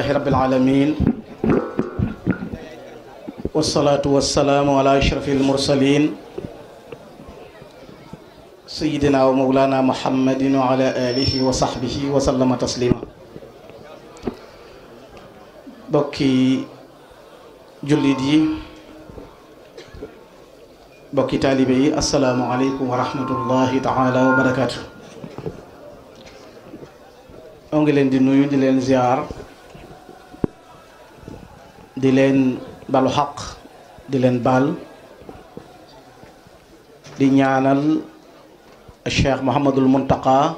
alhamdulillahi rabbil alamin wasalaatu wasalaamu ala ashrafi almursalin sayidina wa maulana muhammadin wa ala alihi wa sahbihi wa sallama taslima bokki jullit yi bokki taalibe yi asalaamu aleykum wa rahmatullahi taala wa barakatu o ngi leen di nuyu di leen ziar di leen balu xaq di leen baal di ñaanal Cheikh Mouhamadul Mountakha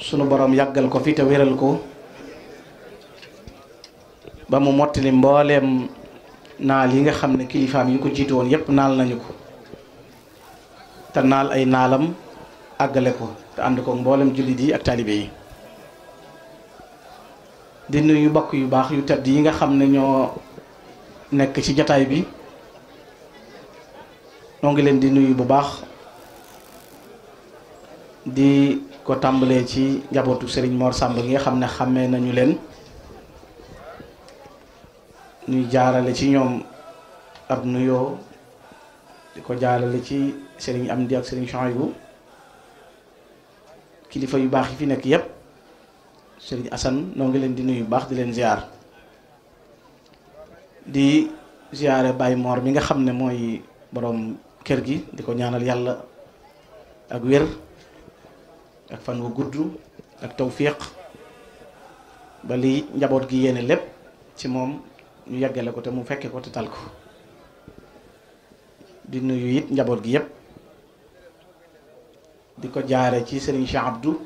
sunu boroom yàggal ko fi te wéral ko ba mu mottali mbooleem naal yi nga xam ne kilifaam yi ko jiitu woon yépp naal nañu ko te naal ay naalam àggale ko te ànd ko mboolem jullit yi ak taalibe yi di nuyu mbokk yu baax yu tedd yi nga xam ne ñoo nekk ci jataay bi moo ngi leen di nuyu bu baax di ko tàmbalee ci njabootu Serigne moor Samb gi nga xam ne xàmmee nañu leen ñuy jaarale ci ñoom ab nuyoo di ko jaarale ci Serigne Amdi ak Serigne Chouaïbou kilifa yu baax yi fi nekk yépp sëriñ Assane noo ngi leen di nuyu baax di leen ziar di ziare Baye Mor mi nga xam ne mooy boroom kër gi di ko ñaanal yàlla ak wér ak fan wu gudd ak tawfiq ba li njaboot gi yéene lépp ci moom ñu yeggale ko te mu fekke ko te tal ko di nuyu it njaboot gi yépp di ko jaare ci sëriñ Cheikh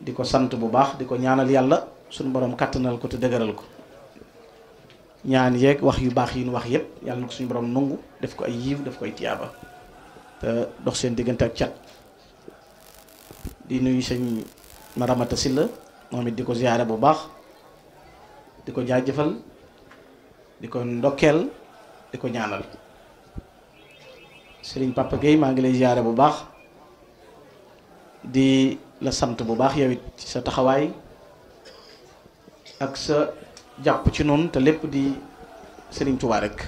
di ko sant bu baax di ko ñaanal yàlla suñu boroom kàttanal ko te dëgëral ko ñaan yeeg wax yu baax yi nu wax yépp yàlla ko suñu boroom nungu def ko ay yiiw def ko ay tiyaaba te dox seen diggante ak cat di nuyu sëñ Maramata Silla moom it di ko ziyaare bu baax di ko jaajëfal di ko ndokkeel di ko ñaanal sëriñ Papa maa ngi lay ziyaare bu baax di la sant bu baax yow it sa taxawaay ak sa jàpp ci noonu te lépp di Sëriñ Tuubaa rek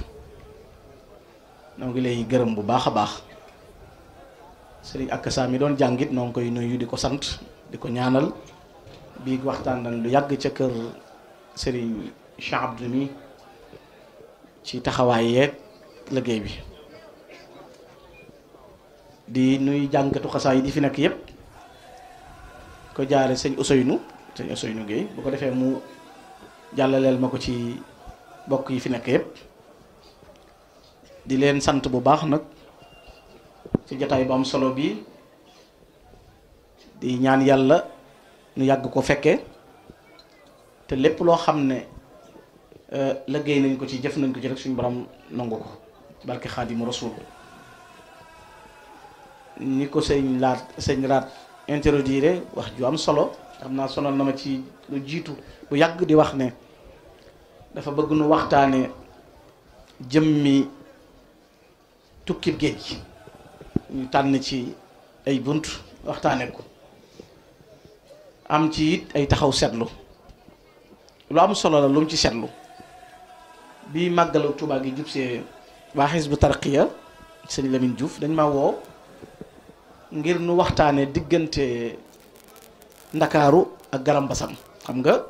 noo ngi lay gërëm bu baax a baax Sëriñ ak saa mi doon jàngit noo ngi koy nuyu di ko sant di ko ñaanal bii waxtaan nañ lu yàgg ca kër Sëriñ Cheikh mi ci taxawaay yeeg liggéey bi di nuy jàngatu xasaa yi di fi nekk yépp ko jaare sëñ Ousseynou sëñ Ousseynou Guèye bu ko defee mu jàllaleel ma ko ci bokk yi fi nekk yëpp di leen sant bu baax nag ci jataay bu am solo bii di ñaan yàlla ñu yàgg ko fekke te lépp loo xam ne euh, liggéey nañ ko ci jëf nañ ko ci rek suñu borom nangu ko barke Xaadimu Rasuul ni ko sëñ laat sëñ raat introduire wax ju am solo xam naa solo na ma ci lu jiitu bu yàgg di wax ne dafa bëgg nu waxtaane jëmmi tukki géej gi ñu tànn ci ay bunt waxtaane ko am ci it ay taxaw seetlu lu am solo la lu mu ci seetlu bi màggalu Tuubaa gi jub see waa Hizbut Tarqiyyah sëñ Lamine dañ ma woo ngir nu waxtaanee diggante ndakaaru ak garam basam xam nga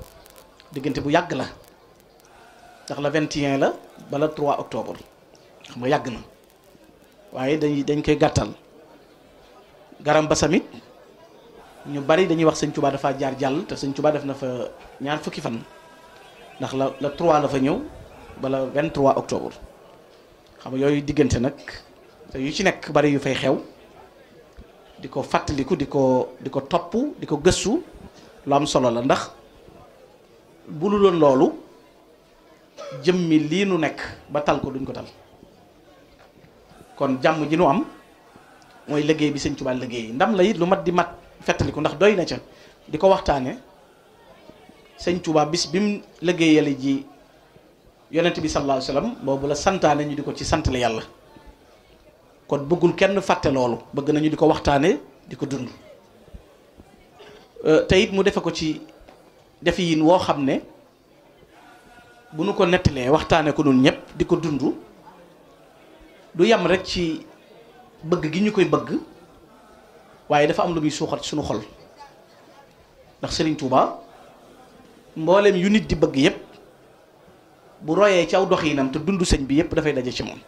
diggante bu yàgg la ndax la vingt 21 la ba bala 3 octobre xam nga yàgg na waaye dañ dañ koy gàttal garam basam it ñu bari dañuy wax sëñ Tuubaa dafa jaar jàll te sëñ Tuubaa def na fa ñaar fukki fan ndax la la 3 la fa ñëw bala 23 octobre xam nga yooyu diggante nag te yu ci nekk bari yu fay xew di ko fàttaliku di ko di ko topp di ko gëstu lu am solo la ndax bu lu doon loolu jëmmi lii nu nekk ba tal ko duñ ko tal kon jàmm ji nu am mooy liggéey bi sëñ Tuubaa liggéey ndam la it lu mat di mat fàttaliku ndax doy na ca di ko waxtaane sëñ Tuubaa bis bi mu liggéeyale ji yonent bi sallallahu alayhi wa boobu la santaane ñu di ko ci sant la yàlla kon bëggul kenn fàtte loolu bëgg nañu di ko waxtaanee di ko dund euh, te it mu defe ko ci defe yin woo xam ne bu nu ko nettalee waxtaanee ko nun ñëpp di ko dund du yam rek ci bëgg gi ñu koy bëgg waaye dafa am lu muy suuxat suñu xol ndax Serigne Touba mboolem yu nit di bëgg yëpp bu royee ci aw doxiinam te dund sëñ bi yëpp dafay daje ci moom.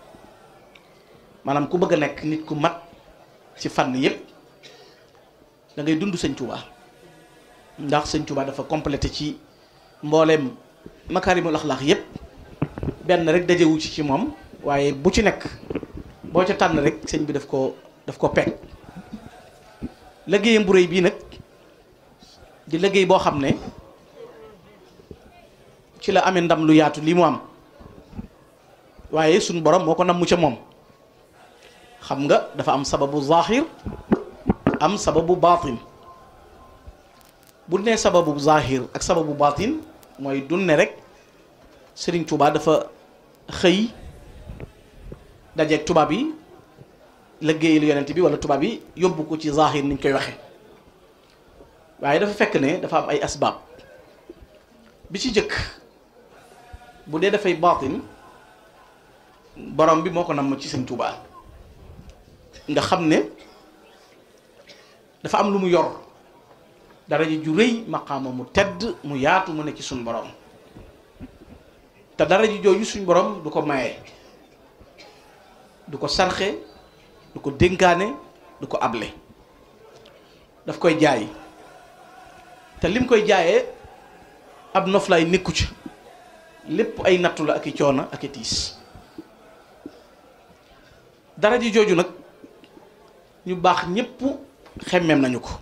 maanaam ku bëgg a nekk nit ku mat ci fànn yépp dangay dund sëñ Touba ndax sëñ Touba dafa complété ci mbooleem makaarimul axlaax yëpp benn rek dajewu ci ci moom waaye bu ci nekk boo ca tànn rek sëñ bi daf ko daf ko peeg liggéeyam bu réy bii nag di liggéey boo xam ne ci la amee ndam lu yaatu li mu am waaye suñu borom moo ko mu ca moom xam nga dafa am sababu zahir am sababu baatin bu ne sababu zahir ak sababu baatin mooy dunne rek sëriñ Touba dafa xëy dajeeg tubaab yi liggéeyal yonent bi wala tubaab yi yóbbu ko ci zahir niñ koy waxee waaye dafa fekk ne dafa am ay asbaab bi ci jëkk bu dee dafay baatin borom bi moo ko namm ci Serigne Touba. nga xam ne dafa am lu mu yor daraja ju rëy maqaama mu tedd mu yaatu mu ne ci suñ boroom te dara daraja jooju suñ borom du ko maye du ko sarxe du ko dénkaane du ko able daf koy jaay te lim koy jaaye ab noflaay nekku ci lépp ay nattu la ak i coono ak i tiis daraja jooju nag ñu baax ñépp xemmeem nañu ko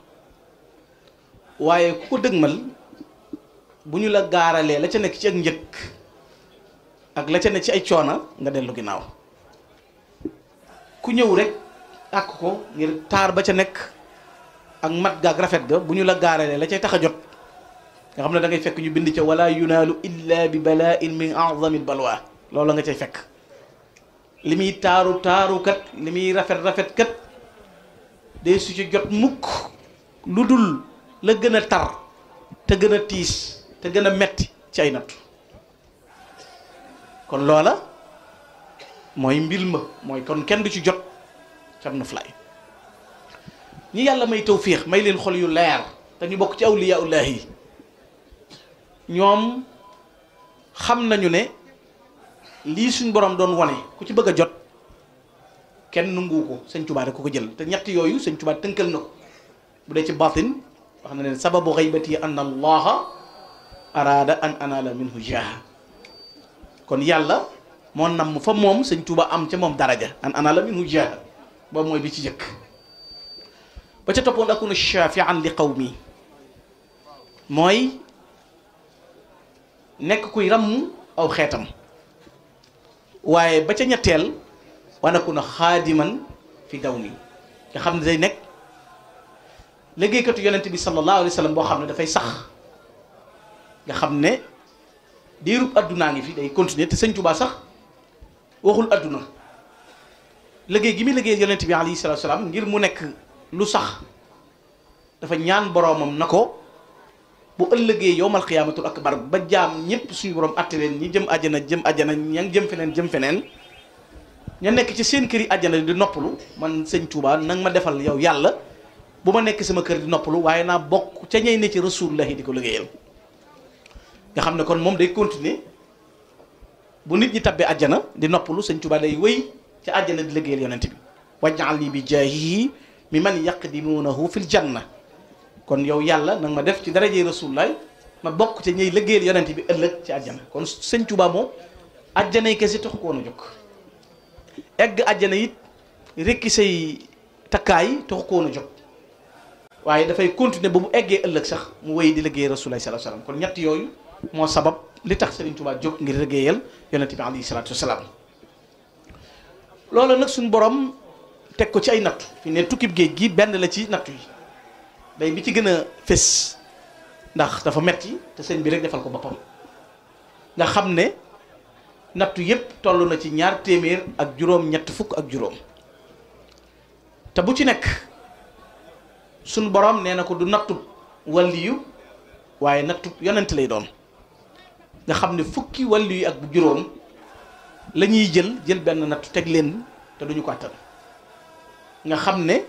waaye ku ko dëgmal bu ñu la gaaralee la ca nekk ci ak njëkk ak la ca nekk ci ay coona nga dellu ginnaaw ku ñëw rek àkk ko ngir taar ba ca nekk ak mat ga rafet ga bu ñu la gaaralee la ca tax a jot nga xam ne dangay fekk ñu bind ca wala yunaalu illa bi bala'in min a'zamil balwa loolu nga cay fekk li muy taaru taaru kat li muy rafet rafet kat dee su ci jot mukk lu dul la gën a tar te gën a tiis te gën a metti ci ay nattu kon loola mooy mbil ma mooy kon kenn du ci jot cam na fly ñi yàlla may tawfiix may leen xol yu leer te ñu bokk ci awliyaa ullah yi ñoom xam nañu ne lii suñ borom doon wane ku ci bëgg a jot kenn nanguwu ko sëñ Tuubaa rek ku ko jël te ñett yooyu sëñ Tuubaa tënkal na ko bu dee ci batin wax na leen sababu xaybati an allaha araada an anala minhu jaaha kon yàlla moo nam fa moom sëñ Tuubaa am ca moom daraja an anala minhu jaaha boobu mooy bi ci jëkk ba ca toppoon akuna shafian li qawmi mooy nekk kuy ràmm aw xeetam waaye ba ca ñetteel wa nakuna xaadiman fi mi nga xam ne day nekk liggéeykatu yonent bi sallallahu alayhi wa boo xam ne dafay sax nga xam ne diiru àddunaa ngi fi day continuer te sëñ Tuubaa sax waxul adduna liggéey gi muy liggéey yonent bi alayhi salaatu salaam ngir mu nekk lu sax dafa ñaan boroomam na ko bu ëllëgee yowmal xiyaamatul akbar ba jaam ñëpp suñu borom atte leen ñi jëm ajana jëm ajana ña jëm feneen jëm feneen ña nekk ci seen kër yi àjjana di noppalu man sëñ Touba nag ma defal yow yàlla bu ma nekk sama kër di noppalu waaye naa bokk ca ñay ne ci rasulullahi di ko liggéeyal nga xam ne kon moom day continuer bu nit ñi tabbee àjjana di noppalu sëñ Touba day wéy ca àjjana di liggéeyal yonent bi wajjaal li bi jaahihi mi man yaqdimunahu fil janna kon yow yàlla nag ma def ci darajee rasulullahi ma bokk ca ñay liggéeyal yonent bi ëllëg ci àjjana kon sëñ Touba moom àjjana yi kese taxu ko woon jóg egg àjjana it rekki say takkaay ko koon a jóg waaye dafay continuer ba mu eggee ëllëg sax mu wéy di liggéey rasulullah sallallahu alayhi wasallam kon moo sabab li tax Serigne Touba jóg ngir liggéeyal yonente bi alayhi salaatu wasalaam loolu nag suñ boroom teg ko ci ay nattu fi ne tukkib géej gi benn la ci nattu yi day bi ci gën a fés ndax dafa metti te sëñ bi rek defal ko boppam nga xam ne nattu yépp toll na ci ñaar téeméer ak juróom ñett fukk ak juróom te bu ci nekk sunu boroom nee na ko du nattub wàlliyu waaye nattub yonent lay doon nga xam ne fukki wàlliyu ak juróom la ñuy jël jël benn nattu teg leen te duñu ko attan nga xam ne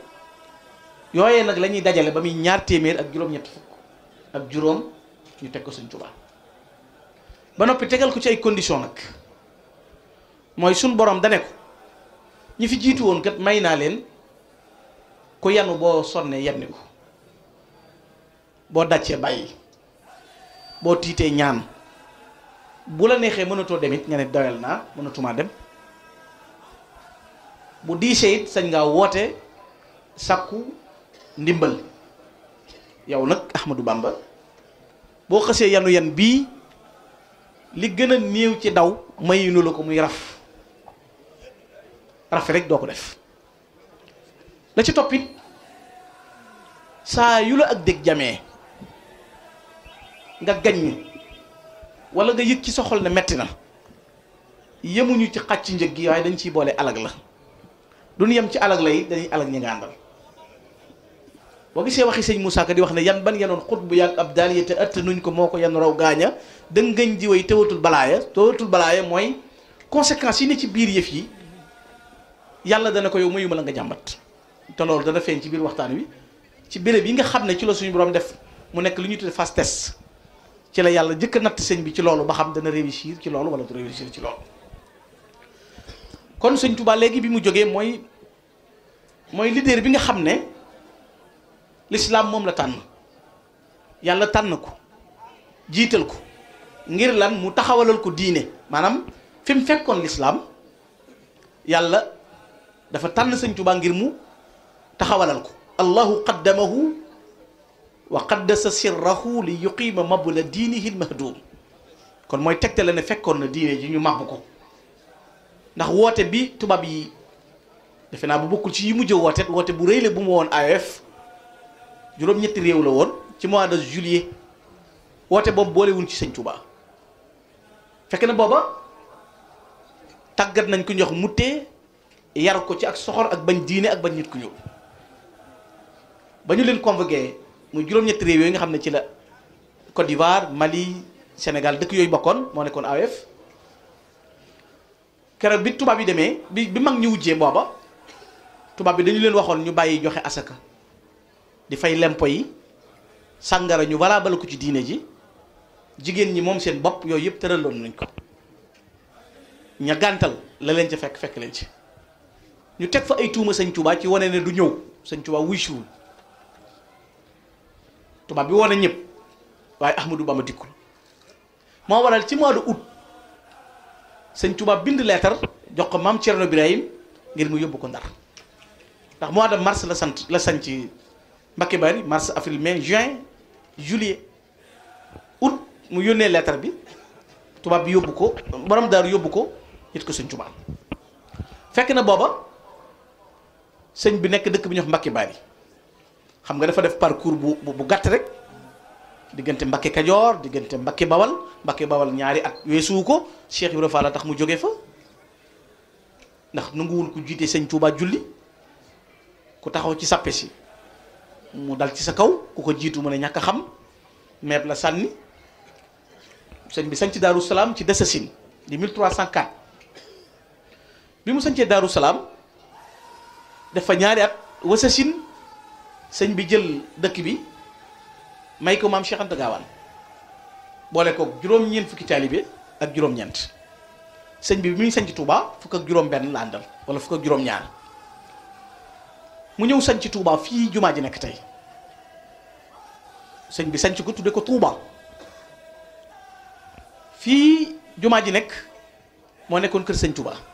yooyee nag lañuy dajale ba muy ñaar téeméer ak juróom-ñett fukk ak juróom ñu teg ko Sëñ Tuubaa ba noppi tegal ko ci ay condition nag mooy suñ borom dane ko ñi fi jiitu woon kat may naa leen ku yanu boo sonnee yenni ko boo dàccee bàyyi boo tiitee ñaan bu la neexee mënatoo dem it nga ne doyal naa mënatumaa dem bu diisee it sañ ngaa woote sakku ndimbal yow nag Ahmadou Bamba boo xasee yanu yan bii li gën a néew ci daw mayinu la ko muy raf rafet rek doo ko def la ci toppit saa yu la ak dégg jamee nga gaññ wala nga yëg ci sa xol ne metti na yemuñu ci xàcc njëg gi waaye dañ ciy boole alag la duñu yem ci alag la yi dañuy alag ñi nga àndal boo gisee waxi sëñ Moussa Ka di wax ne yan ban yenoon xut bu yàgg ab daal yi te ëtt nuñ ko moo ko yan raw gaaña dëngañ ji way tewatul balaaya tewatul balaaya mooy conséquences yi ne ci biir yëf yi yàlla dana ko yow mayuma la nga jàmbat te loolu dana feeñ ci biir waxtaan wi ci béréb yi nga xam ne ci la suñu borom def mu nekk li ñu tuddee fastes test ci la yàlla jëkk natt sëñ bi ci loolu ba xam dana réussir ci loolu wala du ci loolu kon sëñ Touba léegi bi mu jógee mooy mooy leader bi nga xam ne l'islam moom la tànn yàlla tànn ko jiital ko ngir lan mu taxawalal ko diine maanaam fi mu fekkoon lislaam yàlla dafa tànn sañ tubaa ngir mu taxawalal ko allahu qaddamahu wa qaddasa sirrahu li yuqiima mabla diinihi lmahdum kon mooy tegtale ne fekkoon na diine ji ñu màbb ko ndax woote bi tubaab yi defe naa bu bokkul ci yi mujj woote woote bu rëy la bu ma woon AOF juróom-ñetti réew la woon ci mois de juillet woote boobu boolewuñ ci sëñ Tuubaa fekk na booba tàggat nañ ko njox muttee yar ko ci ak soxor ak bañ diine ak bañ nit ku ñuul ba ñu leen convoqué muy juróom-ñetti réew yooyu nga xam ne ci la Côte d'Ivoire Mali senegal dëkk yooyu bokkoon moo nekkoon aweef keroog bi tubaab yi demee bi bi mag ñu wujjee booba tubaab bi dañu leen waxoon ñu bàyyi joxe asaka di fay lempo yi sàngara ñu walla bala ko ci diine ji jigéen ñi moom seen bopp yooyu yëpp tëraloon nañ ko ña gàntal la leen ca fekk fekk leen ci ñu teg fa ay tuuma sëñ Touba ci wane ne du ñëw sëñ Touba wuy siwul tubaab bi wane ñëpp waaye Ahmadou Bamba dikkul moo waral ci mois de août sëñ Touba bind leetar jox ko maam Thierno Birahim ngir mu yóbbu ko ndar ndax mois de mars la sant la sant ci Mbacké Bari mars avril mai juin juillet août mu yónnee leetar bi tubaab bi yóbbu ko borom daaru yóbbu ko it ko sëñ Touba fekk na booba. sëñ bi nekk dëkk bi ñu wax Mbacke Bari xam nga dafa def parcours bu bu gàtt rek diggante Mbacke Kajoor diggante Mbacke Bawal Mbacke Bawal ñaari at weesuwu ko Cheikh Ibrahima Fall tax mu jóge fa ndax nanguwul ku jiite sëñ Touba julli ku taxaw ci sappe si mu dal ci sa kaw ku ko jiitu mu a ñàkk xam meeb la sànni sëñ bi sañ ci Daaru Salaam ci Desassine di 1304 bi mu sañcee Daaru Salaam. dafa ñaari at wasasin sëñ bi jël dëkk bi may ko maam Cheikh Anta Gaawaan boole koog juróom-ñeent fukki taalibe ak juróom-ñeent sëñ bi bi muy sañ ci Touba fukk ak juróom-benn la àndal wala fukk ak juróom-ñaar mu ñëw sañ ci Touba fii jumaa ji nekk tey sëñ bi sañ ko tudde ko Touba fii jumaa ji nekk moo nekkoon kër sëñ Touba.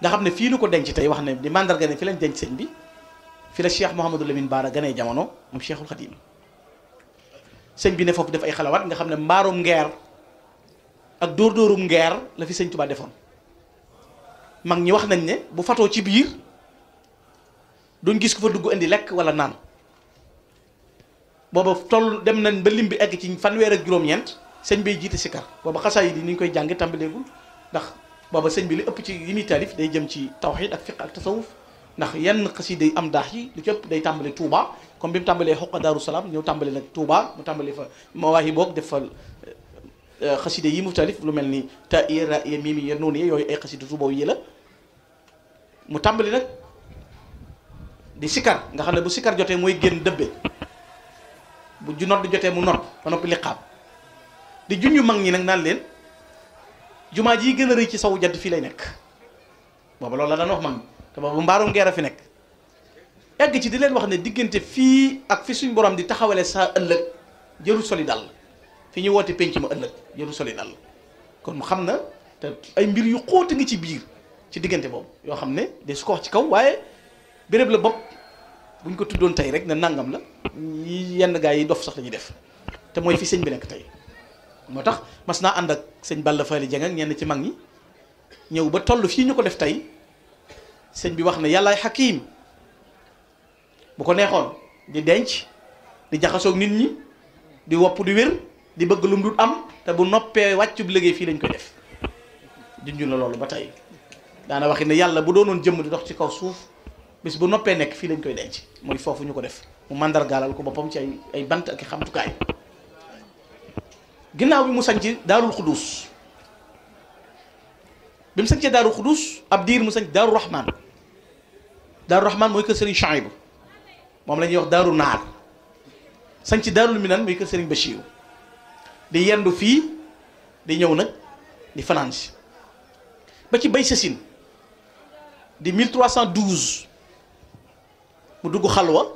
nga xam ne fii lu ko denc tey wax ne di mandarga ne fi lañ denc sëñ bi fi la Cheikh Mouhamadou Lamine Baara ganee jamono moom Cheikhul Khadim sëñ bi ne foofu def ay xalawaat nga xam ne mbaarum ngeer ak dóor-dóorum ngeer la fi sëñ Tuubaa defoon mag ñi wax nañ ne bu fatoo ci biir duñ gis ku fa dugg indi lekk wala naan booba toll dem nañ ba lim bi egg ci fanweer ak juróom-ñeent sëñ bay jiite sikar booba xasaa yi di ni koy jàng tàmbaleegul ndax booba sëñ bi li ëpp ci yi muy taalif day jëm ci tawxid ak fiq ak tasawuf ndax yenn xasida yi am daax yi lu ci ëpp day tàmbali Touba comme bi mu tàmbalee xoqa Daaru Salaam ñëw tàmbali nag Touba mu tàmbale fa mawaahi boog def fa euh, yi mu taalif lu mel ni ta iya ra iya miimi ya noonu yooyu ay xasida Touba yi la mu tàmbali nag di sikar nga xam ne bu sikar jotee mooy génn dëbbe bu ju di jotee mu nodd ba noppi liqaab di yu mag ñi nag naan leen jumaa ji gën a rëy ci sowu jant fii lay nekk booba loolu la daan wax man te boobu mbaarum ngeer a fi nekk egg ci di leen wax ne diggante fii ak fi suñ borom di taxawale sa ëllëg jëru soli dal fi ñu woote penc ma ëllëg jëru soli dal kon xam na te ay mbir yu xóota ngi ci biir ci diggante boobu yoo xam ne de su ko wax ci kaw waaye béréb la bopp buñ ko tuddoon tey rek ne nangam la yenn gaa yi dof sax lañuy def te mooy fi sëñ bi nekk tey moo tax mas naa ànd ak sëñ Balla Fally Dieng ak ñenn ci mag ñi ñëw ba toll fii ñu ko def tey sëñ bi wax na yàllaay xakiim bu ko neexoon di denc di jaxasoog nit ñi di wopp di wér di bëgg lu mu am te bu noppee wàcc bi liggéey fii lañ ko def junju na loolu ba tey daana waxi ne yàlla bu doonoon jëmm di ndox ci kaw suuf bis bu noppee nekk fii lañ koy denc mooy foofu ñu ko def mu màndargaalal ko boppam ci ay ay bant ak xamtukaay ginnaaw bi mu sañ sañc daarul xudduus bi mu sañcee daarul xudduus ab diir mu sañc daarul rahmaan daarul rahmaan mooy kër sëriñ Chouaïb moom lañuy wax daarul naar sañc daarul minan mooy kër sëriñ Bachir di yendu fii di ñëw nag di fanaan si ba ci bay sësin di 1312 mu dugg xalwa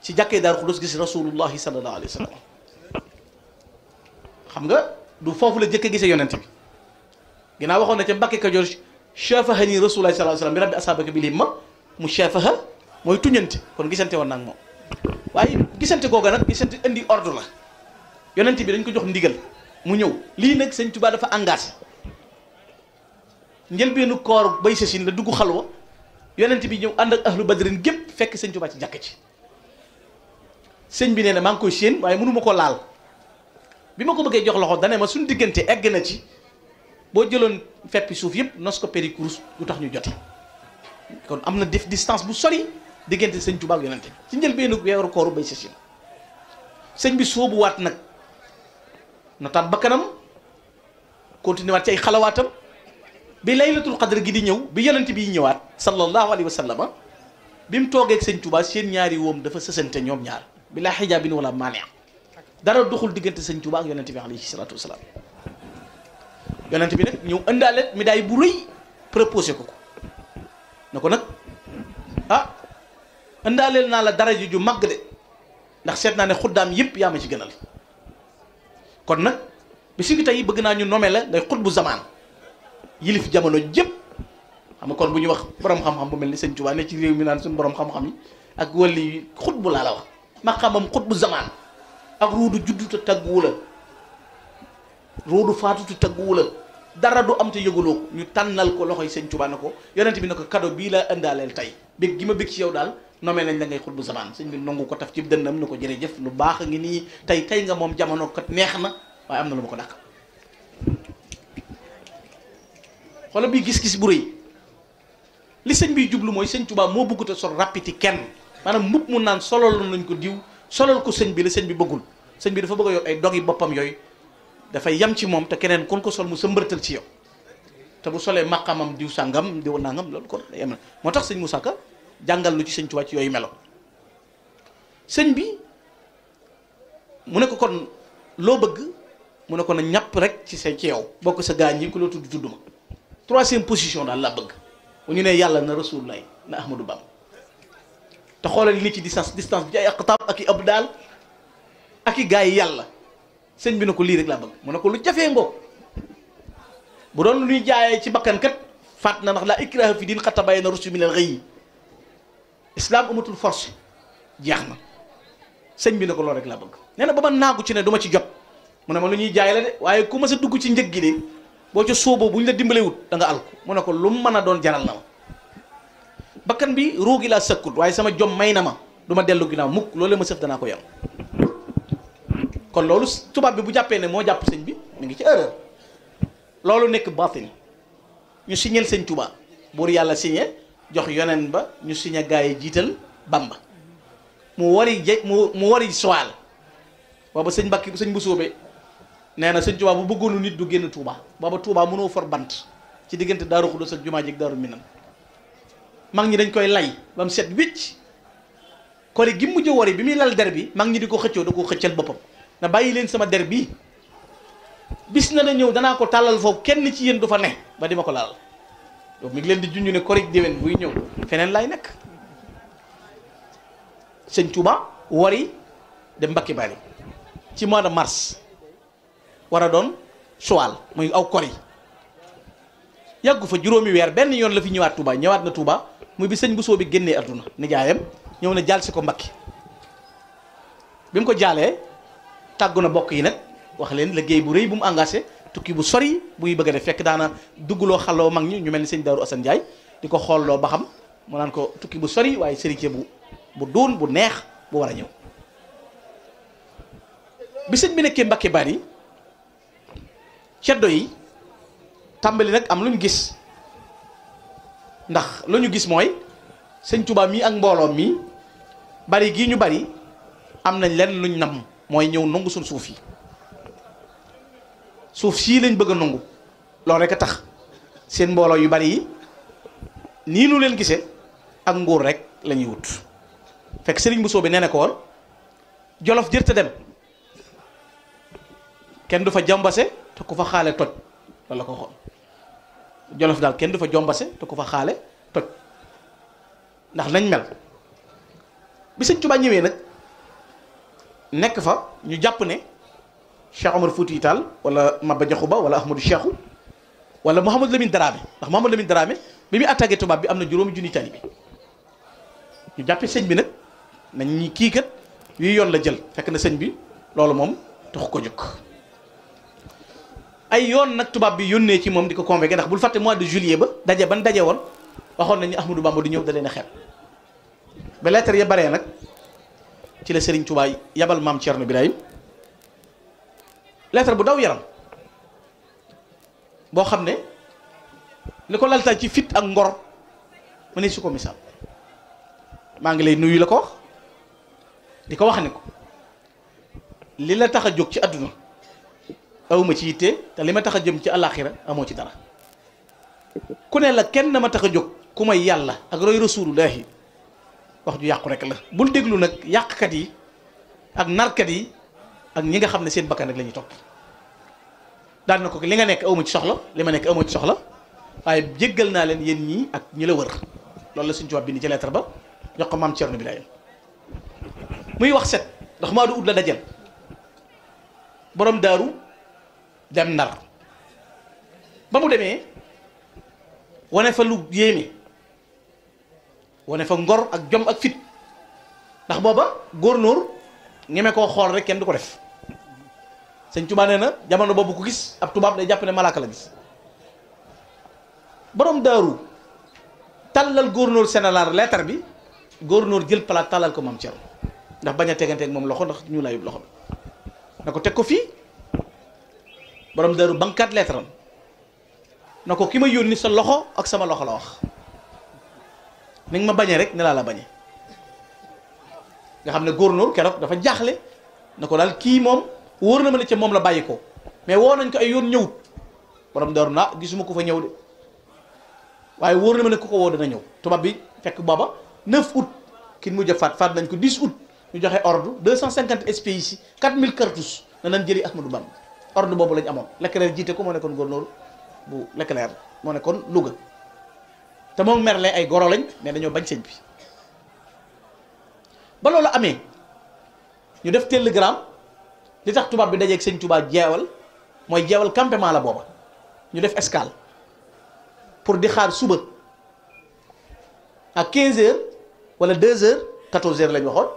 ci jàkkee daarul xudduus gis rasulullahi sallallahu alayhi wa sallam xam nga du foofu la jëkk a gisee yonent bi ginaa waxoon na ca Mbàkke Kajoor shafaha ni rasulullah sallallahu alayhi wasallam bi rabbi asabaka bi limma mu shafaha mooy tuñante kon gisante woon nag moom waaye gisante googa nag gisante indi ordre la yonent bi dañ ko jox ndigal mu ñëw lii nag sëñ Tuubaa dafa engagé njëlbeenu koor bay sasin la dugg xalwa yonent bi ñëw ànd ak ahlu badrin gépp fekk sëñ Tuubaa ci jàkk ci sëñ bi nee na maa ngi koy séen waaye mënuma ko laal bi ma ko bëggee jox loxo dane ma suñu diggante egg na ci boo jëloon feppi suuf yëpp nos ko péricrous lu tax ñu jote kon am na def distance bu sori diggante sëñ Tuubaa ak yonente bi ci njëlbéenu weeru kooru bay session sëñ bi sóobuwaat nag notaat bakkanam continué waat ci ay xalawaatam bi laylatul qadr gi di ñëw bi yonent bi ñëwaat sallallahu alayhi wa sallam bi mu toogee ak sëñ Tuubaa seen ñaari woom dafa sësante ñoom ñaar bi laa xijaabin wala maania dara doxul diggante sëñ Tuubaa ak yonent bi alayhi salaatu wasalaam yonent bi nag ñëw ëndaale médaille bu rëy proposé ko ko na ko nag ah ëndaaleel naa la dara ju màgg de ndax seet naa ne xuddaam yëpp yaa ma ci gënal kon nag bisi ngi tey bëgg naa ñu nommer la ngay xut bu zamaan yilif jamono jëpp xam kon bu ñu wax borom xam-xam bu mel ni sëñ Tuubaa ne ci réew mi naan suñu boroom xam-xam yi ak wàllu xut bu laa la wax ma xamam xut bu zamaan ak ruudu juddu te tagguwu la ruudu faatu te dara du am te yëguloo ko ñu tànnal ko loxoy sëñ Tuubaa na ko yonent bi na ko cadeau bii laa indaaleel tey bég gi ma bég ci yow daal nomee nañ dangay ngay bu zamaan sëñ bi nangu ko taf ci dënnam ne ko jërëjëf lu baax a ngi nii tey tey nga moom jamono kat neex na waaye am na lu ma ko dàq xoolal bii gis-gis bu rëy li sëñ bi jublu mooy sëñ Tuubaa moo bëggut a sol rapiti kenn maanaam mbubb mu naan solo lañ ko diw solal ko sëñ bi la sëñ bi bëggul sëñ bi dafa bëgg a yor ay dogi boppam yooyu dafay yam ci moom te keneen kon ko sol mu sëmbërtal ci yow te bu solee maqamam diw sàngam diw nangam loolu kon yem na moo tax sëñ mu Ka jàngal lu ci sëñ Tuubaa ci yooyu melo sëñ bi mu ne ko kon loo bëgg mu ne ko na ñàpp rek ci sa ci yow bokk sa gaañ yi ku la tudd tudd ma troisième position daal laa bëgg bu ñu nee yàlla na rasul nay na Ahmadou Bamba te xoolal li ci distance distance bi ci ay aqtaab ak i abdaal ak i gaa yi yàlla sëñ bi na ko lii rek laa bëgg mu ne ko lu jafee ngoog bu doon lu ñuy jaayee ci bakkan kat faat na ndax laa ikraha fi diin xatabàyyi na rusu minal xëy islam amatul force jeex na sëñ bi na ko loolu rek laa bëgg nee na ba ma naagu ci ne du ci jot mu ne ma lu ñuy jaay la de waaye ku ma sa dugg ci njëg gi de boo ca sóoboo bu ñu la dimbalewut danga nga alku mu ne ko lu mu mën a doon jaral na bakkan bi ruugi laa sëkkul waaye sama jom may na ma duma ma dellu ginnaaw mukk loolu ma sëf danaa ko yem kon loolu tubaab bi bu jàppee ne moo jàpp sëñ bi mu ngi ci erreur loolu nekk batin ñu signal sëñ Tuubaa buur yàlla signé jox yeneen ba ñu signé gaa yi jiital Bamba mu wari je mu mu wari soil booba sëñ Mbàkke sëñ bu sóobee nee na sëñ Tuubaa bu bëggoonu nit du génn Tuubaa booba Tuubaa mënoo for bant ci diggante Daaru Xudoos sa jumaa ji ak Daaru Minan mag ñi dañ koy lay ba mu set wicc kole gi mujj wari bi muy lal der bi mag ñi di ko xëccoo da ko xëccal boppam na bàyyi leen sama der bi bis na na ñëw danaa ko tàllal foofu kenn ci yéen du fa ne ba di ma ko laal donc mi ngi leen di junj ne korik déwén buy ñëw feneen lay nekk sëñ Touba wari dem mbakki Bari ci mois de mars war a doon suwaal muy aw kori yàggu fa juróomi weer benn yoon la fi ñëwaat Touba ñëwaat na Touba muy bi sëñ bu soo bi génnee adduna nijaayam ñëw na jaal si ko mbakki bi mu ko jaalee tàggu na bokk yi nag wax leen liggéey bu rëy bu mu engagé tukki bu sori buy bëgg a def fekk daana duggloo xaloo mag ñi ñu mel ni sëñ Daaru Assane Ndiaye di ko xoolloo ba xam mu naan ko tukki bu sori waaye sëriñ bu bu doon bu neex bu war a ñëw bi sëñ bi nekkee Mbacke bari ceddo yi tàmbali nag am lu ñu gis ndax lu ñu gis mooy sëñ Touba mii ak mbooloom mi bari gii ñu bari am nañ lenn luñ nam mooy ñëw nangu suñ suuf yi suuf sii lañ bëgg a nangu loolu rek a tax seen mbooloo yu bari yi nii nu leen gise ak nguur rek lañuy ñuy wut fekk sëriñ bu soobee nee na ko woon jolof jërte dem kenn du fa jàmbase te ku fa xaale toj wala ko xool jolof daal kenn du fa jombase te ko fa xaale toj ndax nañ mel bi sëñ Tuubaa ñëwee nag nekk fa ñu jàpp ne Cheikh Omar Fouti Tall wala Maba Jaxu Ba wala Ahmadou Cheikhou wala Mouhamadou Lamine Dramé ndax Mouhamadou Lamine Dramé bi muy attaqué tubaab bi am na juróomi junni bi ñu jàppee sëñ bi nag nañ ñi kii kat yuy yoon la jël fekk na sëñ bi loolu moom taxu ko jóg. ay yoon nag tubaab bi yónnee ci moom di ko convoqué ndax bul fàtte mois de juillet ba daje ban daje woon waxoon nañu Ahmadou Bamba du ñëw da leen a ba lettre ya baree nag ci la Serigne Touba yabal maam Thierno Birahim lettre bu daw yaram boo xam ne li ko laltaay ci fit ak ngor mu ne su ko misaal maa ngi lay nuyu la ko wax di ko wax ne ko li la tax a jóg ci àdduna awma ci yitte te li ma tax a jëm ci àllaaxira amoo ci dara ku ne la kenn ma tax a jóg ku may yàlla ak roy rasulullahi wax ju yàqu rek la bul déglu nag yàqkat yi ak narkat yi ak ñi nga xam ne seen bakkan rek la ñuy topp daan na ko li nga nekk awma ci soxla li ma nekk amoo ci soxla waaye jëggal naa leen yéen ñii ak ñi la wër loolu la suñu tubaab bind ci lettre ba jox ko maam Cerno bi daayam muy wax set ndax maa du ut la dajal borom daaru dem ndar ba mu demee wone fa lu yéeme wone fa ngor ak jom ak fit ndax booba góor góornóor ñeme koo xool rek kenn du ko def sëñ Tuubaa nee na jamono boobu ku gis ab tubaab day jàpp ne malaaka la gis borom daaru tàllal góornóor sénélar leetar bi góor nóor jël palaat tàllal ko maam Cerno ndax bañ a teganteeg moom loxo ndax ñu laayub loxo bi na ko teg ko fii borom daru bankat lettre am na ko ki ma yónni sa loxo ak sama loxo la wax ni ma bañee rek ne laa la bañe nga xam ne góornóor keroog dafa jaaxle na ko daal kii moom woor na ma ne ca moom la bàyyi ko mais woo nañ ko ay yoon ñëwut borom daru naa gisuma ko fa ñëw de waaye wóor na ma ne ku ko woo dana ñëw tubaab bi fekk booba 9 août kin mujj faat faat nañ ko 10 août ñu joxe ordre 250 SPI 4000 cartouches na nañ jëli Ahmadou Bamba ordre boobu lañ amoon Leclerc jiite ko moo nekkoon gouverneur bu Leclerc moo nekkoon Louga te moom Merlin ay goro lañ mais dañoo bañ sëñ bi ba loolu amee ñu def télégramme li tax tubaab bi dajeeg sëñ tubaab jeewal mooy jeewal campement la booba ñu def escale pour di xaar suba ak 15 heures wala 2 heures 14 heures lañ waxoon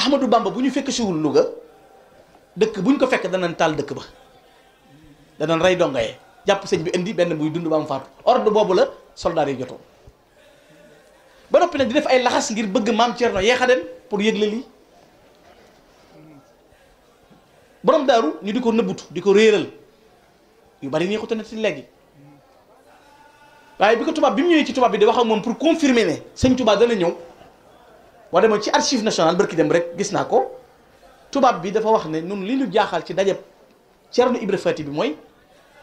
Ahmadou Bamba bu ñu fekk siwul Louga. dëkk buñ ko fekk danañ taal dëkk ba danañ rey donga jàpp sëñ bi indi benn buy dund ba am faatu ordre boobu la soldaar yi jotoo ba noppi nag di def ay laxas ngir bëgg maam Thierno yeexa dem pour la lii borom daaru ñu di ko nëbbutu di ko réeral yu bari neexute na ci léegi waaye bi ko tubaab bi mu ñëwee ci tubaab bi di wax moom pour confirmer ne sëñ tubaab dana ñëw waa demoon ci archive nationale barki dem rek gis naa ko tubaab bi dafa wax ne nun li ñu jaaxal ci dajab Cerno Ibra Faty bi mooy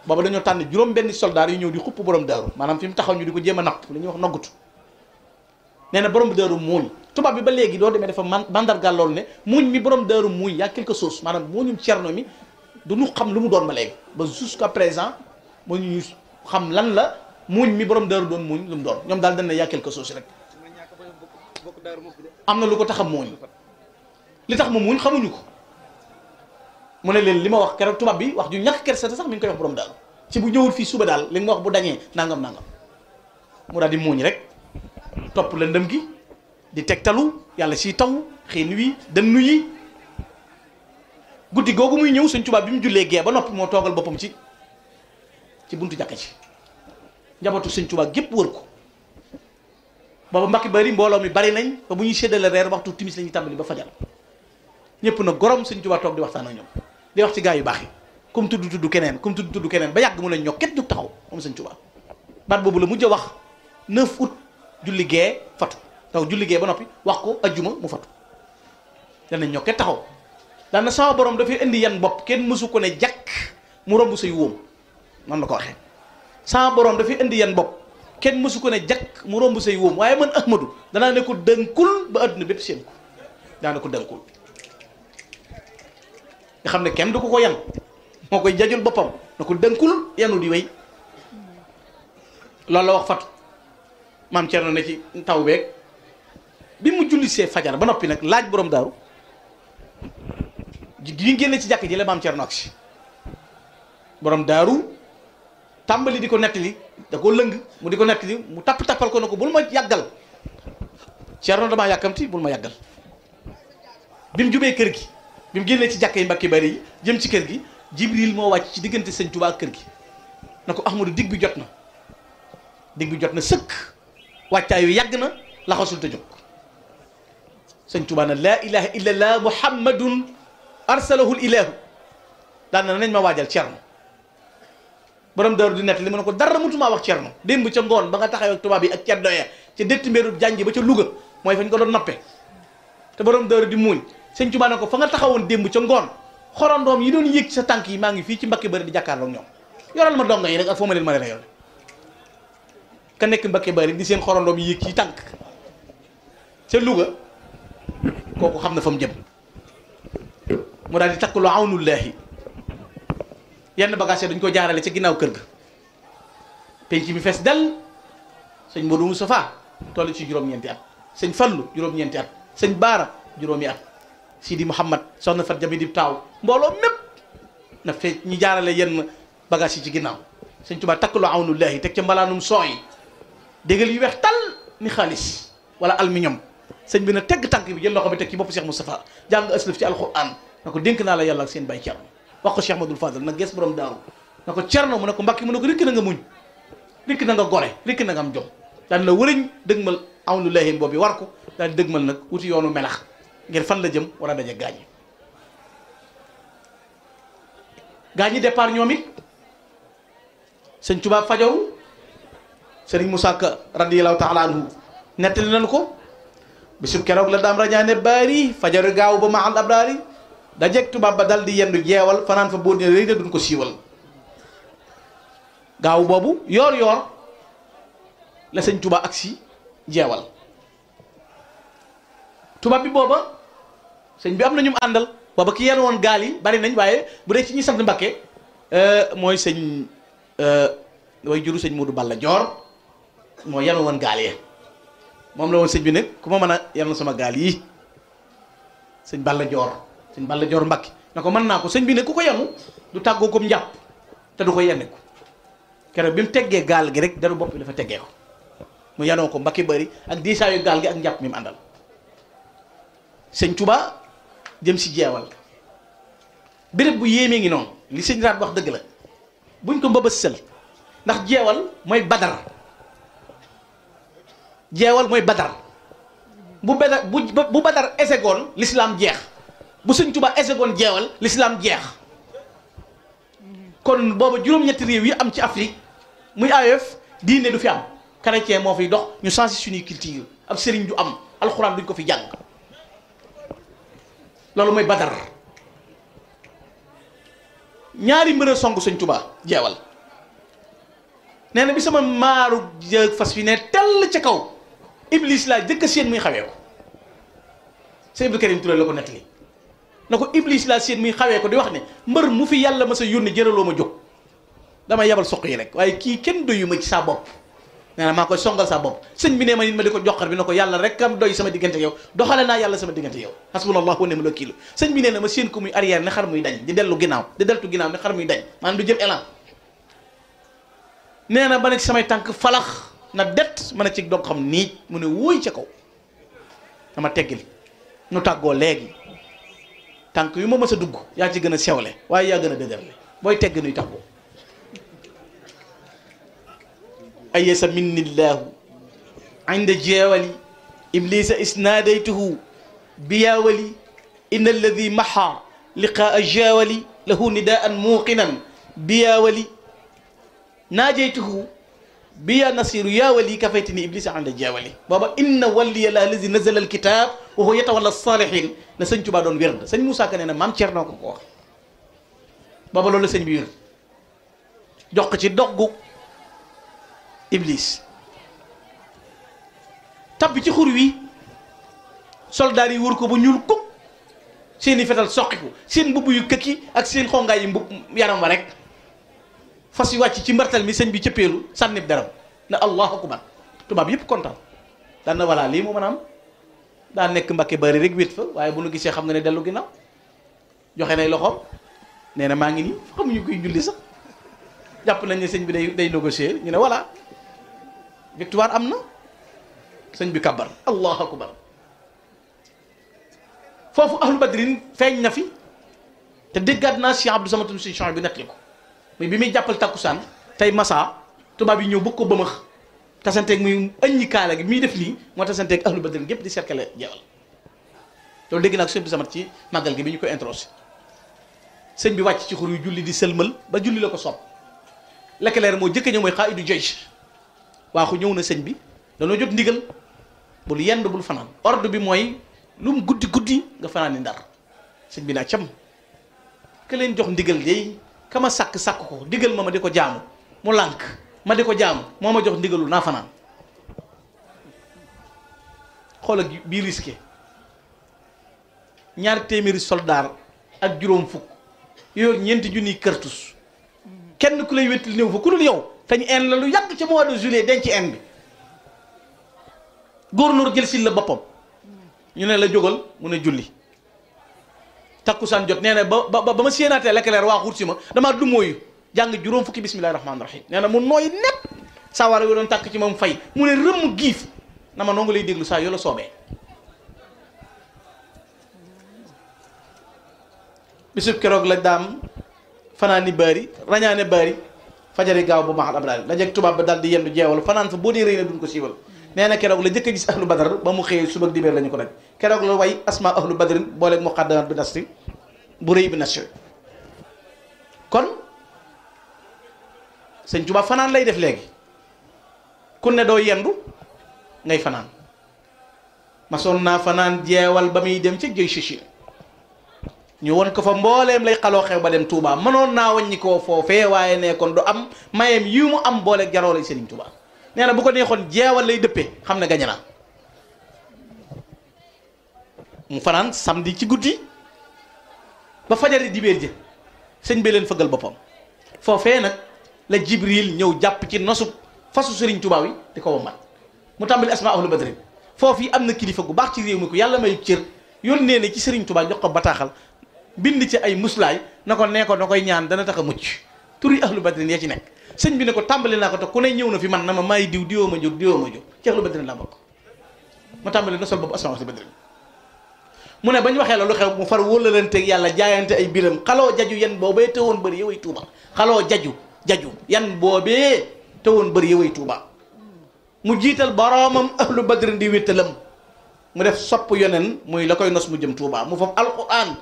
booba dañoo tànn juróom benn soldaar yu ñëw di xupp borom daaru maanaam fi mu taxaw ñu di ko jéem a napp li ñuy wax noggutu nee na borom daaru muuñ tubaab bi ba léegi doo demee dafa mandargal loolu ne muuñ mi borom daaru muuñ yaa quelque chose maanaam muuñum cerno mi du ñu xam lu mu doon ba léegi ba jusqu'à présent moo ñu xam lan la muuñ mi borom daaru doon muuñ lu mu doon ñoom daal dañ ne yaa quelque chose rek am na lu ko tax a li tax mu muñ xamuñu ko mu ne leen li ma wax keroog tubaab bi wax ju ñàkk kersa sax mi ngi koy wax borom daal ci bu ñëwul fii suba daal li nga wax bu dañee nàngam nangam mu daal di muuñ rek topp lëndëm gi di tegtalu yàlla siy taw xiin wi dënnu yi guddi googu muy ñëw suñ tubaab bi mu jullee gee ba noppi moo toogal boppam ci ci buntu jàkka ci njabootu suñ tubaab gépp wër ko booba mbakki bari mbooloo mi bari nañ ba bu ñuy séddale reer waxtu timis la ñuy tàmbali ba fajar ñépp nag gorom sëñ Tuubaa toog di waxtaan ak ñoom di wax ci gaa yu baax yi kum tudd tudd keneen kum tudd tudd keneen ba yàgg mu ne ñoo kenn du taxaw moom sëñ Tuubaa baat boobu la mujj a wax 9 août julli gee fatu taw julli gee ba noppi wax ko ajjuma mu fatu danañ ñoo kenn taxaw daan na sama borom dafay indi yan bopp kenn mësu ko ne jàkk mu romb say wóom noonu ko waxee sama borom dafay indi yan bopp kenn mësu ko ne jàkk mu romb say waaye man Ahmadu danaa ne ko dënkul ba àdduna bépp seen ko danaa ne ko dënkul. xam ne kenn du ko ko yan moo koy jajul boppam na ko dënkul yanu di wéy loolu la wax fatu maam na ne ci taw beeg bi mu jullisee fajar ba noppi nag laaj borom daaru di ñu génne ci jàkk ji la maam Cerno ak si borom daaru tàmbali di ko nettali da koo lëng mu di ko nettali mu tapp tappal ko ne ko bul ma yàggal Cerno damaa yàkkamti bul ma yàggal bi mu jubee kër gi bi mu génnee ci jàkka yi mbakki bari yi jëm ci kër gi jibril moo wàcc ci diggante sëñ Tuubaa kër gi na ko ahmadu digg bi jot na digg bi jot na sëkk wàccaa yu yàgg na laxasul te jóg sëñ Tuubaa na laa ilaha illa allah muhammadun arsalahul ilahu daan na ma waajal cerno borom daaru di nett li mu ne ko dara mutumaa wax cerno démb ca ngoon ba nga taxaw ak tubaab yi ak ceddoya ca détti mbéerub jàngi ba ca Louga mooy fañ ko doon nappe te borom daaru di muuñ sëñ Tuubaa ne ko fa nga taxawoon démb ca ngoon xorondoom yi doon yéeg sa tànk yi maa ngi fii ci Mbàkke Bari di jàkkaarloog ñoom yoral ma donga yi rek ak foo ma leen mën a yoral ka nekk Mbàkke Bari seen xorondoom yi yéeg tànk ca Louga kooku xam na fa mu jëm daal di takk lu awnullaahi yenn bagage dañ ko jaarale ca ginnaaw kër ga penc mi fees sëñ Modou Moustapha toll ci juróom-ñeenti at sëñ Fallu juróom-ñeenti at sëñ Baara juróomi at Sidi Mouhamad soxna Fatou Jabi di taaw mbooloo mépp na fee ñu jaarale yenn bagage yi ci ginnaaw sëñ Tuubaa takk loo awnullahi teg ca mbalaanum son yi dégal yu weex tal ni xaalis wala aluminium sëñ bi na tegg tànk bi jël loxo bi teg ci bopp Cheikh Moustapha jàng aslaf ci alquran na ko dénk naa la yàlla ak seen bay Cerno wax ko Cheikh Madul Fadal na gees borom daaru na ko Cerno mu ne ko Mbàkke mu ne ko rikk na nga muñ rikk na nga gore rikk na am jom daan la wëriñ dëgmal awnullahi boobu war ko daan dëgmal nag wuti yoonu melax ngir fan la jëm war a daje gaañi gaañi départ ñoom it sëñ Tuubaa fajaru sëriñ Musaa Ka radiyallaahu taala anhu nettali nañu ko bisub keroog la daam rañaane baari fajaru gaaw ba mahal abraari dajeeg tubaab ba dal di yendu jeewal fanaan fa bóor ne rëy ko siiwal gaaw boobu yoor yoor la sëñ Tuubaa agsi jeewal tubaab bi booba sëñ bi am na ñu mu àndal booba ki yen woon gaal yi bari nañ waaye bu dee ci ñi sant Mbakke euh, mooy sëñ euh, way juru sëñ Modou Balla Joor moo yenu woon gaal yi moom la woon sëñ bi nag ku ma mën a yenu sama gaal yi sëñ Balla Joor sëñ Balla Joor Mbakke na ko mën naa ko sëñ bi nag ku ko yenu du tàggoo ko njàpp te du ko yenneku keroog bi mu teggee gaal gi rek daru bopp bi dafa teggee ko mu yenoo ko Mbakke bari ak diisaayu gaal gi ak njàpp mi mu àndal jëm si jeewal béréb bu yéemee ngi noonu li sëñ raat wax dëgg la buñ ko mbëbës sël ndax jeewal mooy badar jeewal mooy badar bu badar bu badar esegoon lislaam jeex bu sëñ Tuubaa esegoon jeewal lislaam jeex kon booba juróom-ñetti réew yi am ci Afrique muy AOF diine du fi am chrétien moo fiy dox ñu changé suñuy culture ab sëriñ du am alxuraan duñ ko fi jàng loolu mooy badar ñaari mbër a song sëñ Tuubaa jeewal nee na bi sama maaru jëg fas fi ne tell ci kaw iblis laa jëkk seen muy xawee ko sa Ibnu Karim Touré la ko nettali na ko iblis laa seen muy xawee ko di wax ne mbër mu fi yàlla ma sa yónni jëraloo ma jóg dama yabal suq yi rek waaye kii kenn doyu ma ci saa bopp nee maa koy songal sa bopp sëñ bi nee ma nit ma di ko joxar bi ne ko yàlla rek am doy sama diggante yow doxale naa yàlla sama diggante yow hasbunallahu wa ni'mal wakiil sëñ bi nee na ma séen ko muy arrière ne xar muy dañ di dellu ginnaaw di deltu ginnaaw ne xar muy dañ maanaam du jëm élan nee na ba ne samay tànk falax na det mën a ci dog xam nii mu ne wóoy ca kaw dama teggil nu tàggoo léegi tànk yu ma mës a dugg yaa ci gën a sewle waaye yaa gën a dëgërle booy tegg nuy tàggoo ayesa minnillahu inde jeewali iblisa isnaadaytuhu biyaawali inna alladi maha liqaa jeewali lahu nidaan muuqinan biyaawali naajaytuhu biya nasiru yaawali kafaytini iblisa inde jeewali booba inna waliya la alladi nazala alkitab wa huwa yatawalla salihin na sëñ Tuubaa doon wér sëñ Moussa Ka nee na maam Cerno ko ko wax booba loolu sëñ bi wér jox ko ci doggu tab bi ci xur wi soldaar yi wër ko ba ñuul kuk seen fetal soqiku seen mbubb yu këkk yi ak seen xongaay yi mbub yaram wa rek fas yu wàcc ci mbartal mi sëñ bi cëppeelu sànnib daram na allahu akbar tubaab yëpp kontaan daan na lii mu mën a daa nekk mbakke bari rek wét fa waaye bu nu gisee xam nga ne dellu naw joxe nay loxoom nee na maa ngi nii xamuñu koy julli sax jàpp nañ ne sëñ bi day day négocier ñu ne voilà victoire am na sëñ bi kàbbar allahu akbar foofu ahlu badrin feeñ na fi te déggaat naa Cheikh Abdou Samad si champs bi nekk ko mais bi muy jàppal takkusaan tey massa tubaab yi ñëw bëgg ko bëmax tasanteeg muy ëññi kaala gi muy def nii moo tasanteeg ahlu badrin gépp di cercle jeewal loolu dégg naa ko sëñ Abdou Samad ci màggal gi bi ñu introsé sëñ bi wàcc ci xur yu julli di sëlmal ba julli la ko soob Leclerc moo jëkk ñëw mooy xaa idu jeysh waaxu ñëw na sëñ bi dañoo jot ndigal bul yenn bul fanaan ordre bi mooy lu mu guddi guddi nga fanaani ndar sëñ bi naa cam ka leen jox ndigal day kama sàkk sàkk ko digal ma ma di ko jaamu mu lànk ma di ko jaamu moo ma jox ndigalu naa fanaan xool ak bii risqué ñaar téeméeri soldaar ak juróom fukk yooyu ñeenti junniy kërtus kenn ku lay wetti néew fa ku dul yow kañ en la lu yàgg ci mois de juillet denc en bi góornóor jël si la boppam ñu ne la jógal mu ne julli takkusaan jot nee ba ba ba ma séenaatee Leclerc waa xuut si ma damaa dumóoyu jàng juróom fukki bismillahi rahmaani rahim nee na mu nooy nepp sawara wi doon tàkk ci moom fay mu ne rëmm giif na ma noonga lay déglu saa yoo la soobee bisub keroog la daam fanaani baari rañaane baari fajari gaaw bu maaxal la dajeeg tubaab ba daal di yendu jeewal fanaan fa boo dee rëy na duñ ko siiwal nee na keroog la njëkk a gis ahlu badar ba mu xëyee suba dibéer la ñu ko daj keroog la way asma ahlu badrin booleeg muqaddamat bi nasti bu rëy bi nasti kon sëñ Tuubaa fanaan lay def léegi ku ne doo yendu ngay fanaan masoon naa fanaan jeewal ba muy dem ca jëy chichir ñu won ko fa mbooleem lay xaloo xew ba dem tuubaa mënoon naa wàññi koo foofee waaye ne kon du am mayeem yi mu am boole jaroo lay Serigne Touba nee na bu ko neexoon jeewal lay dëppee xam ne gañe naa mu fanaan samedi ci guddi ba fajari dibéer ji sëñ bi leen fëggal boppam foofee nag la Jibril ñëw jàpp ci nosub fasu Serigne Touba wi di ko wambat mu tàmbali asmaa ahlu badrin foofu yi am na kilifa gu baax ci réew mi ko yàlla mayu cër yónnee ne ci Serigne Touba jox ko bataaxal. bind ci ay muslaay na ko nee ko na koy ñaan dana tax a mucc turi ahlu badrin ya ci nekk sëñ bi ne ko tàmbali naa ko te ku ne ñëw na fi man na ma maay diw diwoo ma jur diwoo ma jur ci ahlu badrin laa bokk ma tàmbali na sol boobu asmaa ahlu mu ne bañ waxee loolu xew mu far wóolalanteeg yàlla jaayante ay biram xaloo jaju yan boobee te woon bëri yëway tuuba xaloo jaju jaju yan boobee te woon bëri yëway tuuba mu jiital boroomam ahlu badrin di wéttalam mu def sopp yonen muy la koy nos mu jëm tuubaa mu foofu alquran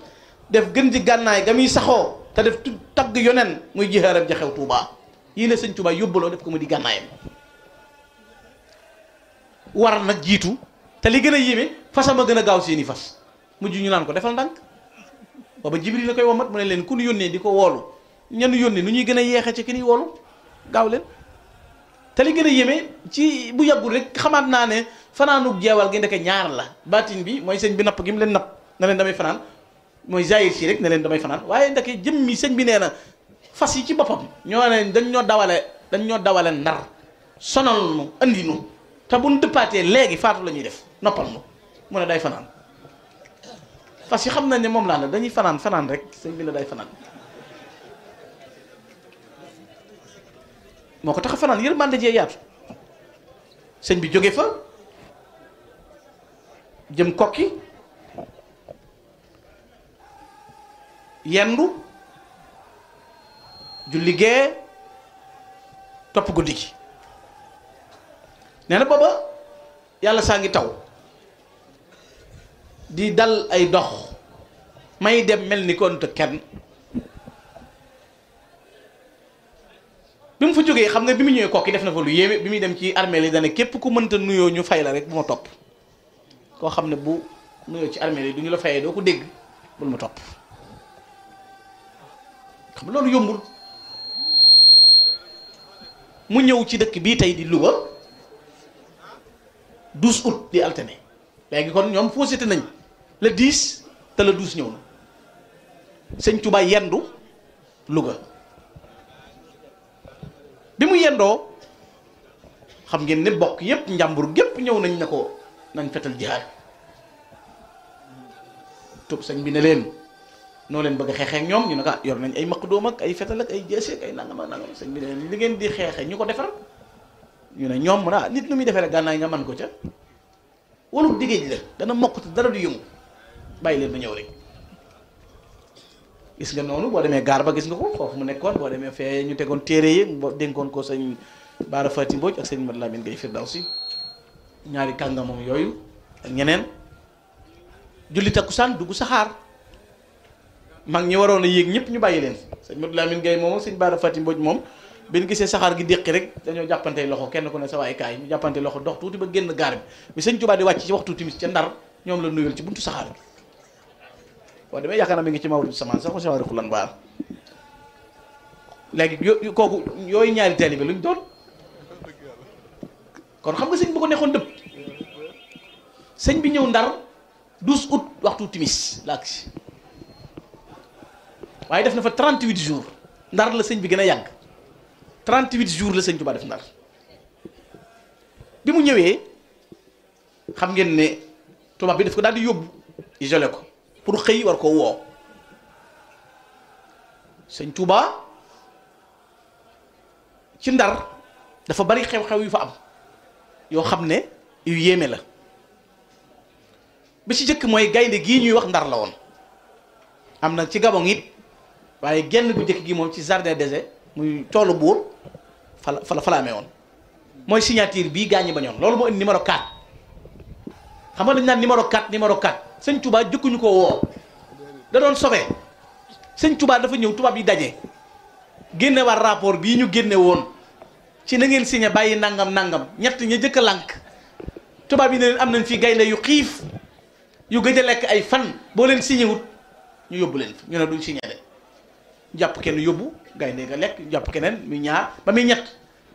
def gën ji gànnaay ga muy saxoo te def tagg yonen muy jihaaram ja xew Touba yii la sëñ Touba yóbbaloo def ko mu di gànnaayam war nag jiitu te li gën a yéeme fasam a gën a gaaw seeni fas mujj ñu naan ko defal ndànk booba yi la koy womat mu ne leen ku yónnee di ko woolu ñenn yónnee nu ñuy gën a yeexe ci ki ñuy woolu gaaw leen te li gën a yéeme ci bu yàggul rek xamaat naa ne fanaanug jeewal gi ndeke ñaar la baatin bi mooy sëñ bi napp gi leen na leen damay fanaan mooy jaayir si rek ne leen damay fanaan waaye jëm jëmmi sëñ bi nee na fas yi ci boppam ñoo ne dañ ñoo dawale dañ ñoo dawale ndar sonal nu andi nu te bu nu dëppaatee léegi faatu lañuy def noppal nu mu ne day fanaan fas yi xam nañ ne moom laa la dañuy fanaan fanaan rek sëñ bi la day fanaan moo ko tax a fanaan yërmande jee yaatu sëñ bi jóge fa jëm kokki yendu ju liggéey topp guddi gi nee na booba yàlla saa ngi taw di dal ay dox may dem mel ni kon te kenn bi mu fa jógee xam nga bi mu ñëwee kokki def na fa lu yéeme bi muy dem ci armée li dana képp ku mënta nuyoo ñu fay la rek bu ma topp koo xam ne bu nuyoo ci armeel yi du ñu la fayee doo ko dégg bul ma topp xam loolu yombul mu ñëw ci dëkk bii tey di Louga 12 août di alterné léegi kon ñoom foo fausité nañ le 10 te le 12 ñëw na sëñ Touba yendu Louga bi mu yendoo xam ngeen ne bokk yépp njàmbur gépp ñëw nañ ne ko nañ fetal jihaad tub sëñ bi ne leen noo leen bëgg a xeexee ñoom ñu ne ko ah, yor nañ ay maq doom ak ay fetal ak ay jeese ak ay nangam ak nangam sëñ bi li ngeen di xeexee ñu ko defar ñu ne ñoom mu ne nit nu muy defee rek gànnaay nga man ko ca walu diggéej la dana mokk te dara du yëngu bàyyi leen ba ñëw rek gis nga noonu boo demee gaar ba gis nga ko foofu mu nekkoon boo demee fee ñu tegoon téere yi dénkoon ko sañ sëñ Baara Fati Mbodj ak sëñ Mad Lamine Gueye Firdawsi ñaari kàngamam yooyu ak ñeneen julli takkusaan dugg saxaar mag ñi waroon a yéeg ñëpp ñu bàyyi leen sëñ Modou Lamine Gueye moom sëñ Bara Fati Mbodj moom bi ñu gisee saxaar gi déqi rek dañoo jàppante loxo kenn ku ne sa waay kaay ñu jàppante loxo dox tuuti ba génn gaar bi bi sëñ Touba di boo demee yaakaar naa mi ngi ci mawlud samaan sax mu sawari xulan baar léegi kooku yooyu ñaari taalibe bi luñ doon xam nga sëñ bu ko neexoon dëpp sëñ bi ñëw ndar 12 août waxtu timis laak si waaye def na fa 38 jours ndar la sëñ bi gën a yàgg 38 jours la sëñ Tuubaa def ndar bi mu ñëwee xam ngeen ne tubaab bi daf ko daal di yóbbu jole ko pour xëy war koo woo sëñ Tuubaa ci ndar dafa bari xew-xew yu fa am yoo xam ne yu yéeme la bi si jëkk mooy gaynde gii ñuy wax ndar la woon am na ci gabon it waaye genn gu njëkk gi moom ci jardin dese muy toolu buur fala fala fala amee woon mooy signature bii gaañi bañoon loolu moo indi numéro 4 xam nga dañ naan numéro 4 numéro 4 sëñ Touba ko woo da doon sobee sëñ Touba dafa ñëw tubaab yi daje génne war rapport bii ñu génne woon ci na ngeen signé bàyyi nangam nangam ñett ña jëkk a lànk tubaab yi ne leen am nañ fi gaynde yu xiif yu gëj a lekk ay fan boo leen signé ñu yóbbu leen ñu ne duñ signé de jàpp kenn yóbbu gaynde nga lekk jàpp keneen mu ñaar ba muy ñett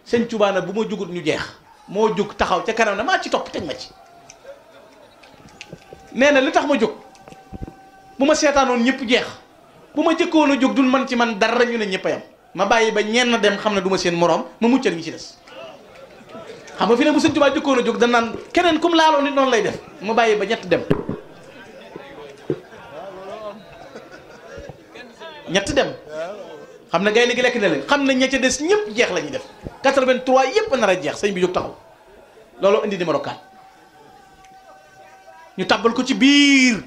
seen Tuubaa na bu ma jugut ñu jeex moo jug taxaw ca kanam na maa ci topp teg ma ci nee na li tax ma jóg bu ma seetaanoon ñëpp jeex bu ma jëkkoon a jóg dul man ci man dara ñu ne ñëpp a ma bàyyi ba ñenn dem xam ne duma ma seen moroom ma muccal ñi ci des xam nga fi ne bu sëñ Tuubaa jëkkoon a jóg danaan keneen comme laaloo nit noonu lay def ma bàyyi ba ñett dem ñett dem xam na gaynde gi lekk na xam na ña de si ñëpp jeex lañuy ñuy def 83 yëpp nar a jeex sañ bi jóg taxaw looloo indi numéro 4 ñu tàbbal ko ci biir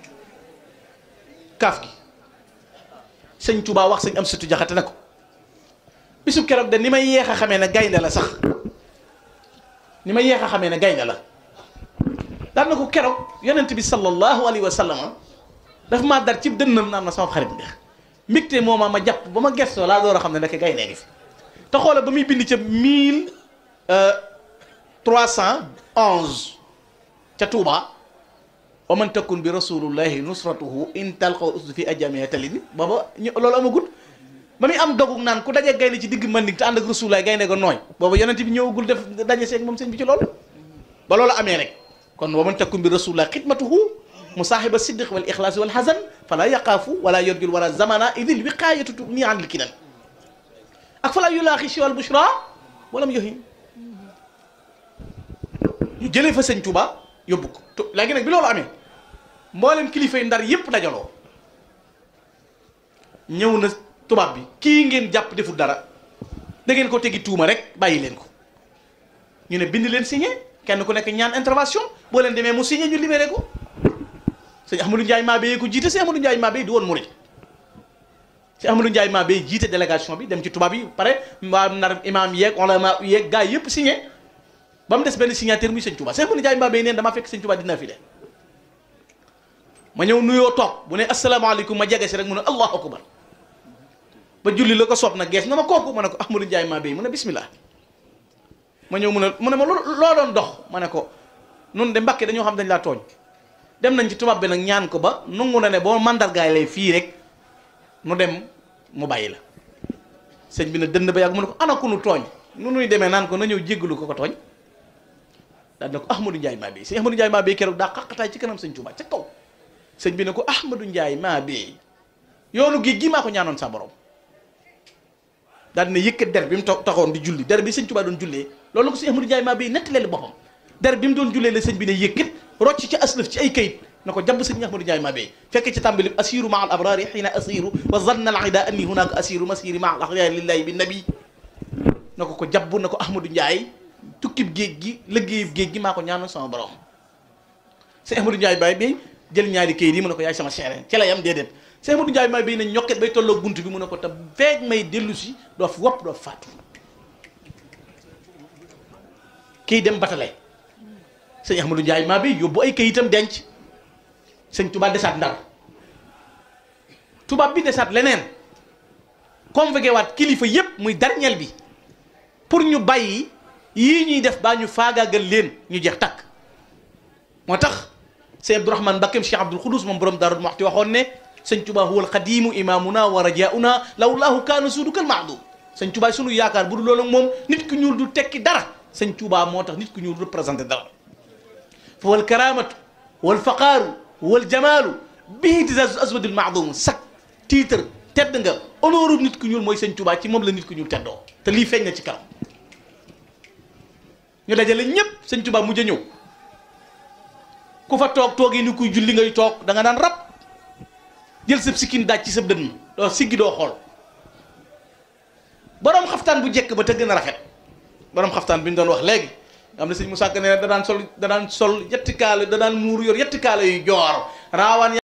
kaaf gi sëñ Touba wax sëñ am sëtu jaxate na ko bisu keroog de ni may yeex a xamee ne gaynde la sax ni may yeex a xamee ne gaynde la daan na ko keroog yonent bi sallallahu alayhi wa sallam daf maa dar ci dënnam naan ma sama xarit nga mbégte mooma ma jàpp ba ma gestoo laa door a xam ne ndeke gaynde ngi fi te xoola ba muy bind ca mille euh, trois cent onze ca Touba wa man takun bi rasulullahi nusratuhu in talqaw usd fi ajamia ba booba ñu loolu amagul ba muy am dogug naan ku daje gaynde ci digg man te ànd ak rasulullahi gaynde ga nooy booba yonent bi ñëwagul def daje seeg moom sëñ bi ci lool ba lool amee rek kon wa man takun bi rasulullahi xidmatuhu musaahiba siddiq wal ixlaas wal xasan fala yaqaafu wala yarjul wara zamana idil wiqaayatu tugni an likinan ak fala yulaaxi siwal bushra walam yohin ñu jële fa sëñ Touba yóbbu ko to léegi bi loolu amee mboolem kilifa yi ndar yépp dajaloo ñëw na tubaab bi kii ngeen jàpp deful dara da ko tegi tuuma rek bàyyi leen ko ñu ne bind leen signé kenn ku nekk ñaan intervention boo leen demee mu signé ñu libéré ko. sëñ Amadou Ndiaye maa béyee ko jiite sëñ Amadou Ndiaye maa béy di woon murid sëñ Amadou Ndiaye maa béy jiite délégation bi dem ci tubaab yi pare waa nar imaam yeeg ulama yeeg gars yëpp signé ba mu des benn signataire muy sëñ Touba sëñ Amadou Ndiaye maa béy neen damaa fekk sëñ Touba dina fi de ma ñëw nuyoo toog bu ne asalaamaaleykum ma jege si rek mu ne allahu akbar ba julli la ko soob nag gees na ma kooku ma ne ko Amadou Ndiaye maa béy mu ne bismillah ma ñëw mu ne mu ne ma loo doon dox ma ne ko noonu de Mbàkke dañoo xam dañ laa tooñ dem nañ ci tubaab bi nag ñaan ko ba nangu na ne boo mandargaay lay fii rek nu dem mu bàyyi la sëñ bi na dënd ba yàgg mu ne ko ana ku nu tooñ nu nuy demee naan ko na ñëw jéggalu ko ko tooñ daal na ko Ahmadou Ndiaye maa bi si Ahmadou Ndiaye maa bi keroog daa xaqataay ci kanam sëñ Tuubaa ca kaw sëñ bi ne ko Ahmadou Ndiaye maa bi yoonu géej gi maa ko ñaanoon sa borom daal dina yëkkat der bi mu taxoon di julli der bi sëñ Tuubaa doon jullee loolu ko si Ahmadou Ndiaye maa bi netti leen boppam der bi mu doon jullee la sëñ bi ne yëkkit rocc ci aslëf ci ay kayit na ko jàmb sëñ Ahmadou Ndiaye Mabéye fekk ci tàmbali asiru ma al abrari xiina asiru wa zanna al ida anni hunaka asiru bi nabi na ko ko jàbb na ko Ahmadou géej gi liggéeyub géej gi maa ko ñaanoon sama borom sëñ Ahmadou Ndiaye Mabéye jël ñaari kayit yi mu ne ko yaay sama la yam déedéet sëñ Ahmadou Ndiaye Mabéye ne ñokket bay tolloo bunt bi mu ne ko te feeg may dellu si doo fi wopp doo fi faatu kii dem batale sëñ Ahmadou Ndiaye maa bi yóbbu ay kayitam denc sëñ Touba desaat ndar tubaab bi desaat leneen convoqué waat kilifa yépp muy darñel bi pour ñu bàyyi yii ñuy def baa ñu faagaa faagaagal leen ñu jeex takk moo tax sëñ Abdourahmane Mbakkeem Cheikh Abdoul Khoudous moom borom Daaru Muxti waxoon ne sëñ Touba huwa alqadimu imamuna wa rajauna lawlaahu kaana suudukal maadum sëñ Touba sunu yaakaar bu dul loolu moom nit ku ñuul du tekki dara sëñ tubaa moo tax nit ki ñuul représenté dara wal karaamatu wal faqaaru wal jamaalu bii disaas aswadul maadum sax titre tedd nga honneur nit ki ñuul mooy sëñ Tuubaa ci moom la nit ku ñuul teddoo te lii feeñ na ci kanam ñu dajale ñëpp sëñ Tuubaa mujj a ñëw ku fa toog toog yi ni kuy julli ngay toog danga nga naan rab jël sab sikkin daaj ci sab dënn doo siggi doo xool boroom xaftaan bu jekk ba te gën a rafet boroom xaftaan bi ñu doon wax léegi. am na sëñ Moussa Ka ne da daan sol da daan sol yetti kaala da daan muur yor yetti kaala yu joor raawaan